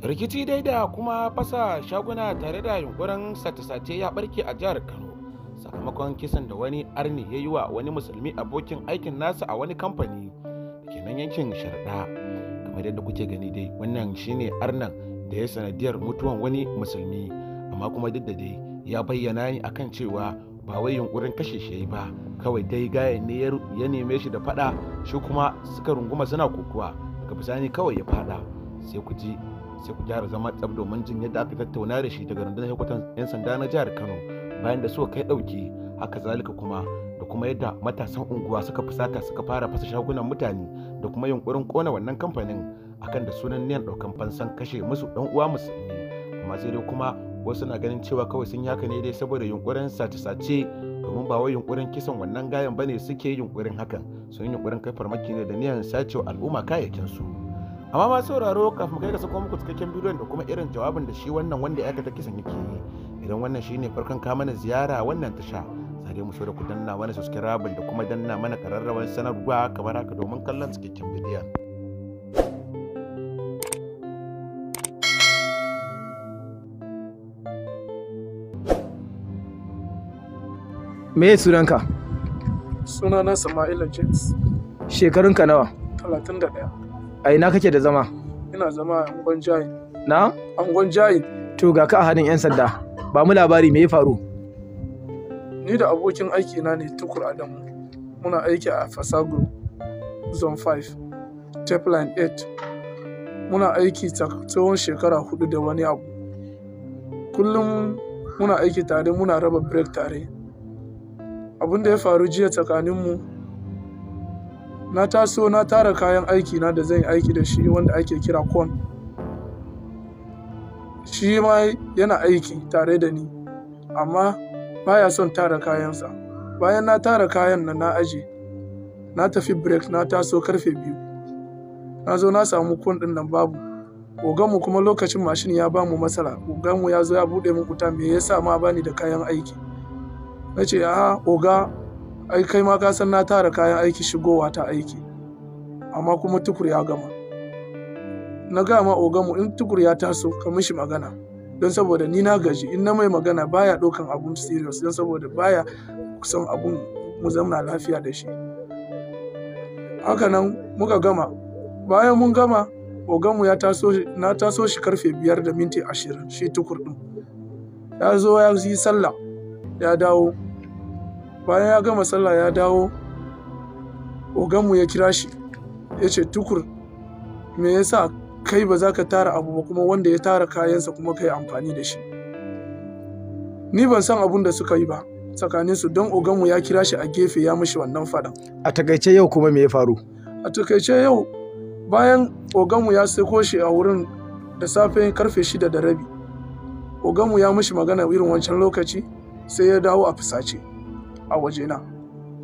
rikici dai da kuma fasa shaguna tare da yunkurin sace-sace ya barke a jihar kano sakamakon kisan da wani arni ya yi wa wani musulmi abokin aikin nasa a wani kamfani da ke nan yankin sharda kamar yadda kuke gani dai wannan shine arnan da ya sanadiyar mutuwan wani musulmi amma kuma duk da dai ya bayyana ni akan cewa ba wai yunkurin kashe shi ba kawai dai gayan ne ya neme shi da fada shi kuma suka runguma suna kokuwa daga bisani kawai ya fada sai ku ji sai ku jihar zama tsab domin jin yadda aka tattauna da shi daga rundunar hukutan 'yan sanda na jihar kano bayan da suka kai dauki haka zalika kuma da kuma yadda matasan unguwa suka fusata suka fara fasa shagunan mutane da kuma yunkurin kona wannan kamfanin akan da sunan niyan ɗaukan fansan kashe musu dan uwa musulmi amma sai dai kuma wasu na ganin cewa kawai sun yaka ne dai saboda yunkurin sace-sace domin ba wai yunkurin kisan wannan gayan bane suke yunkurin hakan sun yunkurin kai farmaki ne da niyan sacewa al'umma kayayyakin su. amma ma sauraro kafin kai ka sako muku cikakken bidiyon da kuma irin jawabin da shi wannan wanda ya kata kisan yake yi idan wannan shine farkon ka mana ziyara wannan tasha sai mu so da ku danna mana subscribe da kuma danna mana kararrawar sanarwa kamar haka domin kallon cikakken bidiyon me sunanka sunana sama'ila james ka nawa 31 a ina kake da zama ina zama a angon jayi na angon jayi to ga ka a hannun yan sanda ba mu labari me ya faru ni da abokin aiki na ne tukur adamu muna aiki a fasago zone 5 tape 8 muna aiki tsawon shekara hudu da wani abu kullum muna aiki tare muna raba break tare abin da ya faru jiya tsakaninmu na taso na tara kayan aiki na da zan aiki da shi wanda ake kira kon shi ma yana aiki tare da ni amma baya son tara kayansa bayan na tara kayan nan na aje na tafi break na taso karfe biyu na zo na samu kwan ɗin nan babu mu kuma lokacin mashin ya ba mu matsala mu ya zo ya buɗe min kuta me yasa ma bani da kayan aiki na ce a oga ai kai ma ka san na tara kayan aiki shigowa ta aiki amma kuma tukur ya gama na ga ma ogamu in tukur ya taso ka mishi magana don saboda ni na gaji in na mai magana baya ɗaukan abun serious don saboda baya son abun mu zamna lafiya da shi haka nan muka gama bayan mun gama ogamu ya taso na taso shi karfe biyar da minti ashirin shi tukur ɗin ya zo ya yi sallah ya dawo bayan ya gama sallah ya dawo oganmu ya kira shi ya ce tukur me yasa kai ba za ka tara abu ba kuma wanda ya tara kayansa kuma ka amfani da shi ni ban san abun da suka yi ba tsakaninsu don oganmu ya kira shi a gefe ya mashi wannan fadan a takaice yau kuma me ya faru a takaice yau bayan oganmu ya sako shi a wurin da safe karfe shida da rabi oganmu ya mashi magana irin wancan lokaci sai ya dawo a fusace a waje na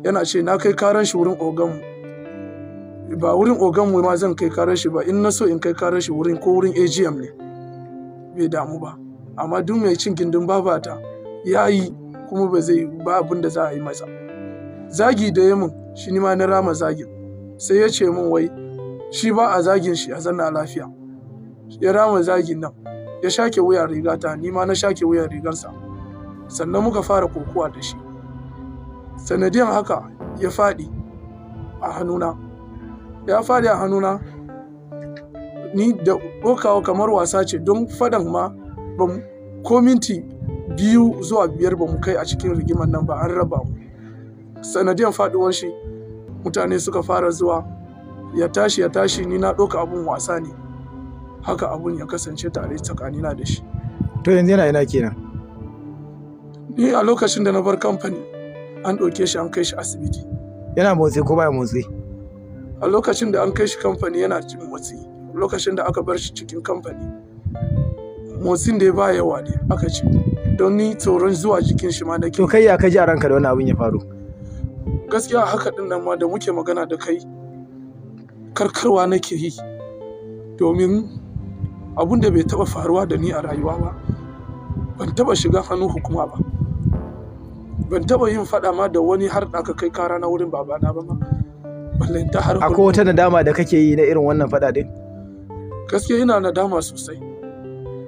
yana ce na kai karan shi wurin ogan ba wurin ogan mu ma zan kai karan shi ba in na so in kai karan shi wurin ko wurin AGM ne bai damu ba amma duk mai cin gindin babata ya yi kuma ba zai ba abin da za a yi masa zagi da ya mun shi ma na rama zagin sai ya ce min wai shi ba a zagin shi a zanna lafiya ya rama zagin nan ya shake wuya rigata ni ma na shake wuyan rigarsa sannan muka fara kokowa da shi sanadiyan haka ya faɗi a hannuna ya faɗi a hannuna ni da ɗaukawa kamar wasa ce don faɗan ma ko minti biyu zuwa biyar ba mu kai a cikin rigimar nan ba an raba mu sanadiyan faɗuwar shi mutane suka fara zuwa ya tashi ya tashi ni na ɗauka abun wasa ne haka abun ya kasance tare tsakanina da shi to yanzu yana ina kenan ni a lokacin da na bar kamfani an ɗauke shi an kai shi asibiti yana motsi ko baya motsi a lokacin da an kai shi kamfani yana jin motsi lokacin da aka bar shi cikin kamfani motsin da ya ba yawa ne aka ce don ni tsoron zuwa jikin shi ma ke. to kai ya ka ji a ranka da wani abin ya faru gaskiya haka ɗin nan ma da muke magana da kai karkarwa nake yi domin abun da bai taɓa faruwa da ni a rayuwa ba ban taɓa shiga hannun hukuma ba ban taba yin faɗa ma da wani har da aka kai kara na wurin babana ba ma har akwai wata nadama da kake yi na irin wannan faɗa din gaskiya ina nadama sosai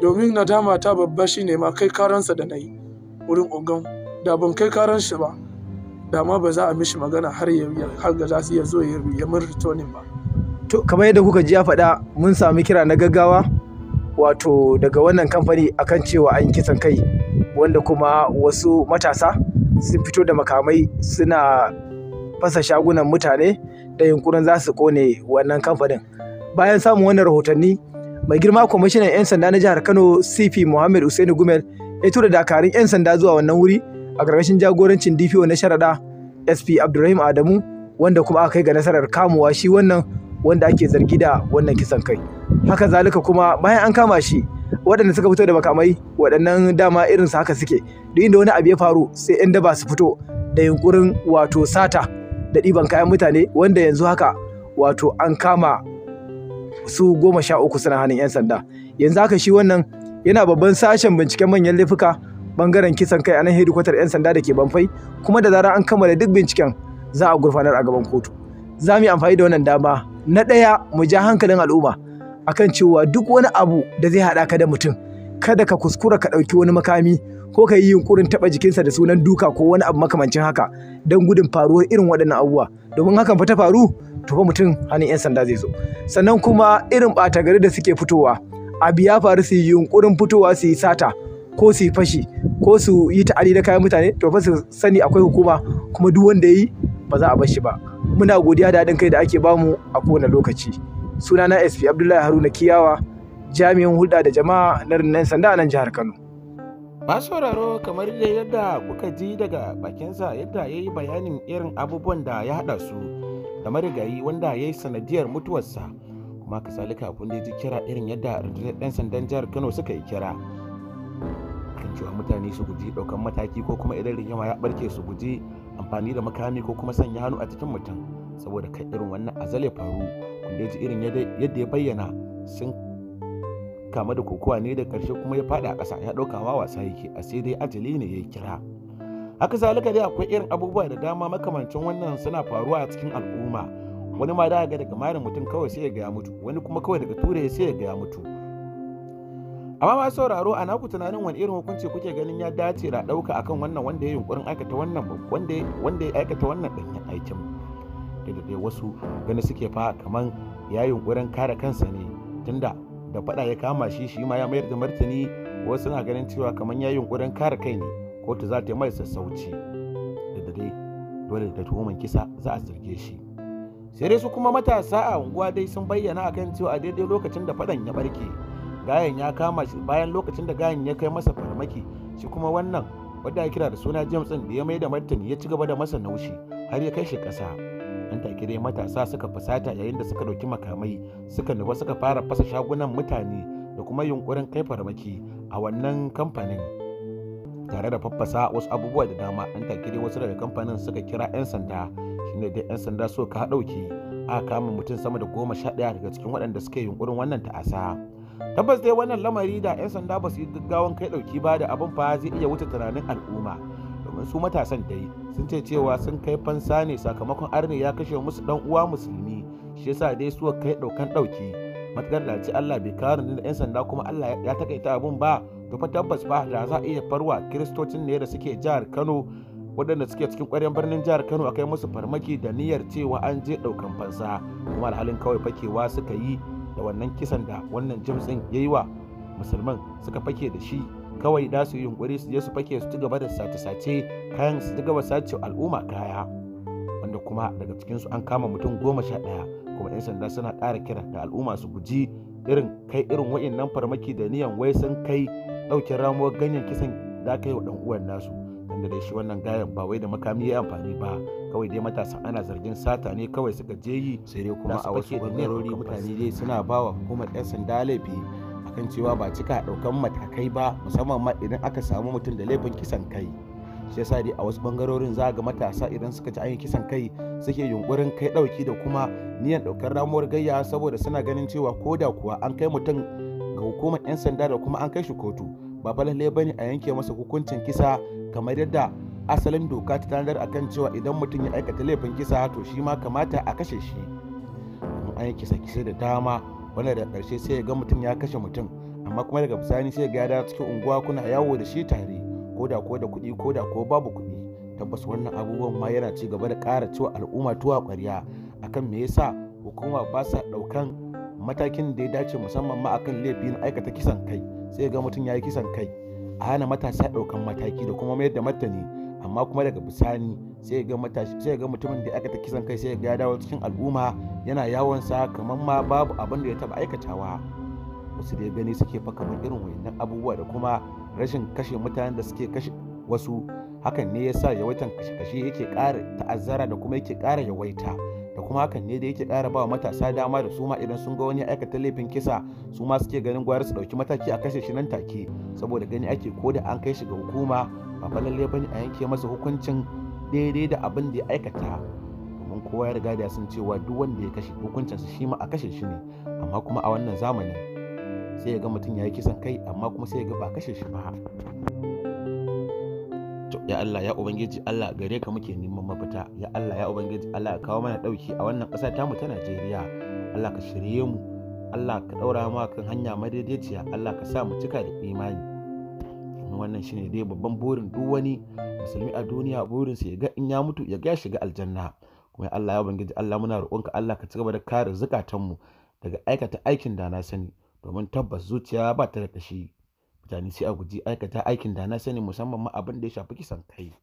domin nadama ta babba shine ma kai karansa da nayi wurin ogan da ban kai karan shi ba da ma ba za a mishi magana har ya har ga zasu su iya zo ya mun returning ba to kamar yadda kuka ji ya faɗa mun sami kira na gaggawa wato daga wannan kamfani akan cewa an kisan kai wanda kuma wasu matasa sun fito da makamai suna fasa shagunan mutane da yunkurin za su kone wannan kamfanin bayan samun wannan rahotanni mai girma kwamishinan 'yan sanda na jihar kano cp muhammad usainu gumel ya tura dakarun 'yan sanda zuwa wannan wuri a ƙarƙashin jagorancin dpo na sharaɗa sp abdulrahim adamu wanda kuma aka kai ga nasarar kamuwa shi wannan wanda ake zargi da wannan kisan kai haka zalika kuma bayan an kama shi waɗanda suka fito da makamai waɗannan dama irinsu haka suke duk inda wani abu ya faru sai 'yan daba su fito da yunkurin wato sata da ɗiban kayan mutane wanda yanzu haka wato an kama su goma sha uku suna hannun 'yan sanda yanzu haka shi wannan yana babban sashen binciken manyan laifuka bangaren kisan kai a nan hedikwatar 'yan sanda da ke banfai kuma da zarar an kammala duk binciken za a gurfanar a gaban kotu za mu yi amfani da wannan dama na ɗaya mu ja hankalin al'umma akan cewa duk wani abu da zai haɗa ka da mutum kada ka kuskura ka ɗauki wani makami ko ka yi yunkurin taɓa jikinsa da sunan duka ko wani abu makamancin haka don gudun faruwar irin waɗannan abubuwa domin hakan fa ta faru to fa mutum hannun 'yan sanda zai zo sannan kuma irin ɓata gari da suke fitowa abu ya faru su yi yunkurin fitowa su yi sata ko su yi fashi ko su yi ta'adi da kayan mutane to fa su sani akwai hukuma kuma duk wanda yi ba za a bar shi ba muna godiya da haɗin kai da ake bamu a kowane lokaci sunana SP Abdullahi Haruna Kiyawa jami'in hulɗa da jama'a na rinnan sanda a nan jihar Kano. Masu sauraro kamar dai yadda kuka ji daga bakinsa yadda ya yi bayanin irin abubuwan da ya haɗa su da marigayi wanda ya yi sanadiyar mutuwarsa kuma kasalika kun ji kira irin yadda rundunar ɗan sandan jihar Kano suka yi kira. Kan cewa mutane su guji ɗaukan mataki ko kuma idan rigima ya barke su guji amfani da makami ko kuma sanya hannu a cikin mutum saboda kai irin wannan azal ya faru. wanda ya ji irin yadda ya bayyana sun kama da kokowa ne da ƙarshe kuma ya faɗi a ƙasa ya ɗauka wasa yake a sai dai ajali ne ya yi kira haka zalika dai akwai irin abubuwa da dama makamancin wannan suna faruwa a cikin al'umma wani ma daga ga daga marin mutum kawai sai ya gaya mutu wani kuma kawai daga ture sai ya gaya mutu amma ma sauraro ana naku tunanin wani irin hukunci kuke ganin ya dace da ɗauka akan wannan wanda ya yunkurin aikata wannan wanda aikata wannan ɗanyen aikin take da wasu gani suke fa kaman ya yunkurin kare kansa ne tunda da faɗa ya kama shi shi ma ya mayar da martani wasu na ganin cewa kaman ya yunkurin kare kai ne kotu za ta yi mai sassauci da dare dole da tuhuman kisa za a zarge shi sai dai su kuma matasa a unguwa dai sun bayyana akan cewa a daidai lokacin da faɗan ya barke gayan ya kama shi bayan lokacin da gayan ya kai masa farmaki shi kuma wannan wadda ya kira da suna james din da ya mai da martani ya ci gaba da masa naushi har ya kai shi ƙasa nan take dai matasa suka fusata yayin da suka ɗauki makamai suka nufa suka fara fasa shagunan mutane da kuma yunkurin kai farmaki a wannan kamfanin tare da faffasa wasu abubuwa da dama an take dai wasu daga kamfanin suka kira 'yan sanda shine dai 'yan sanda so ka ɗauki a kama mutum sama da goma sha ɗaya daga cikin waɗanda suka yunkurin wannan ta'asa tabbas dai wannan lamari da 'yan sanda ba su yi gaggawan kai ɗauki ba da abin fa zai iya wuce tunanin al'umma su matasan dai sun ce cewa sun kai fansa ne sakamakon arne ya kashe musu dan uwa musulmi shi yasa dai su kai daukan dauki matakar da ce Allah bai kawo da yan sanda kuma Allah ya takaita abun ba to fa tabbas ba da za a iya farwa kiristocin ne da suke jihar Kano wadanda suke cikin ƙwaryen birnin jihar Kano akai musu farmaki da niyyar cewa an je daukan fansa kuma alhalin kawai fakewa suka yi da wannan kisan da wannan jimtsin yayi wa musulman suka fake da shi kawai da su yunkuri su je su fake su ci gaba da sace-sace kayan su ci gaba sace al'umma kaya wanda kuma daga cikinsu an kama mutum goma sha ɗaya kuma 'yan sanda suna ƙara kira da al'umma su guji irin kai irin wa'innan farmaki da niyan wai sun kai ɗaukin ramuwar ganyen kisan da aka yi wa ɗan'uwan nasu inda dai shi wannan gayan ba wai da makami ya amfani ba kawai dai matasa ana zargin sata ne kawai suka je yi sai dai kuma a wasu wani mutane dai suna bawa hukumar 'yan sanda laifi kan cewa ba cika daukan matakai ba musamman ma idan aka samu mutum da laifin kisan kai shi yasa dai a wasu bangarorin za ga matasa idan suka ci ayin kisan kai suke yunkurin kai ɗauki da kuma niyan daukar ramuwar gayya saboda suna ganin cewa ko da kuwa an kai mutum ga hukumar 'yan sanda da kuma an kai shi kotu ba fa lalle bane a yanke masa hukuncin kisa kamar yadda asalin doka ta tanadar akan cewa idan mutum ya aikata laifin kisa to shi ma kamata a kashe shi an yi kisa kisa da dama wanda da ƙarshe sai ya ga mutum ya kashe mutum amma kuma daga bisani sai ya ga cikin unguwa kuna yawo da shi tare ko da ko da kuɗi ko da ko babu kuɗi tabbas wannan abubuwan ma yana ci gaba da ƙara cewa al'umma tuwa ƙwarya akan me yasa hukuma ba sa ɗaukan matakin da ya dace musamman ma akan laifin aikata kisan kai sai ga mutum ya yi kisan kai a hana matasa ɗaukan mataki da kuma mayar da martani amma kuma daga bisani sai ga matashi sai ga mutumin da aka ta kisan kai sai ya dawo cikin al'umma yana yawon sa kamar ma babu abin da ya taba aikatawa wasu da ya gani suke fa kamar irin wayannan abubuwa da kuma rashin kashe mutanen da suke kashe wasu hakan ne yasa yawaitan kashe-kashe yake ƙara ta'azzara da kuma yake ƙara yawaita da kuma hakan ne da yake ƙara ba matasa dama da su ma idan sun ga wani aikata laifin kisa su ma suke ganin gwari su dauki mataki a kashe shi nan take saboda gani ake ko da an kai shi ga hukuma ba lalle bane a yanke masa hukuncin daidai da abin da ya aikata domin kowa ya riga da sun cewa duk wanda ya kashe hukuncinsa shi ma a kashe shi ne amma kuma a wannan zamani sai ya ga mutum ya yi kisan kai amma kuma sai ya ga ba kashe shi ba ya Allah ya ubangiji Allah gare ka muke neman mafita ya Allah ya ubangiji Allah ka kawo mana dauki a wannan ta tamu ta Najeriya Allah ka shirye mu Allah ka daura mu kan hanya madaidaiciya Allah ka sa mu cika da imani wannan shine dai babban burin duk wani musulmi a duniya burin sa ya ga in ya mutu ya ga shiga aljanna kuma Allah ya bangiji Allah muna roƙonka Allah ka cigaba da kare mu daga aikata aikin da na sani domin tabbas zuciya ba ta da kashi mutane sai a guji aikata aikin da na sani musamman ma abin da ya shafi kisan kai